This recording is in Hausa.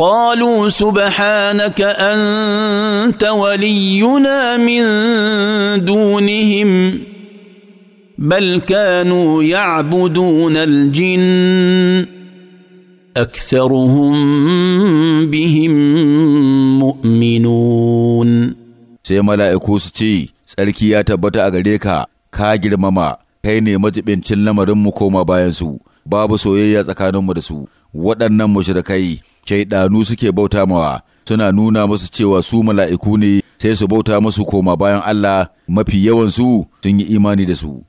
قالوا سبحانك انت ولينا من دونهم بل كانوا يعبدون الجن اكثرهم بهم مؤمنون sai mala'iku su ce tsarki ya tabbata a gare ka ka girmama kai ne majibincin lamarinmu koma bayansu babu soyayya tsakaninmu da su waɗannan mushrikai shaidanu suke bauta mawa suna nuna masu cewa su mala'iku ne sai su bauta masu koma bayan Allah mafi yawan su sun yi imani da su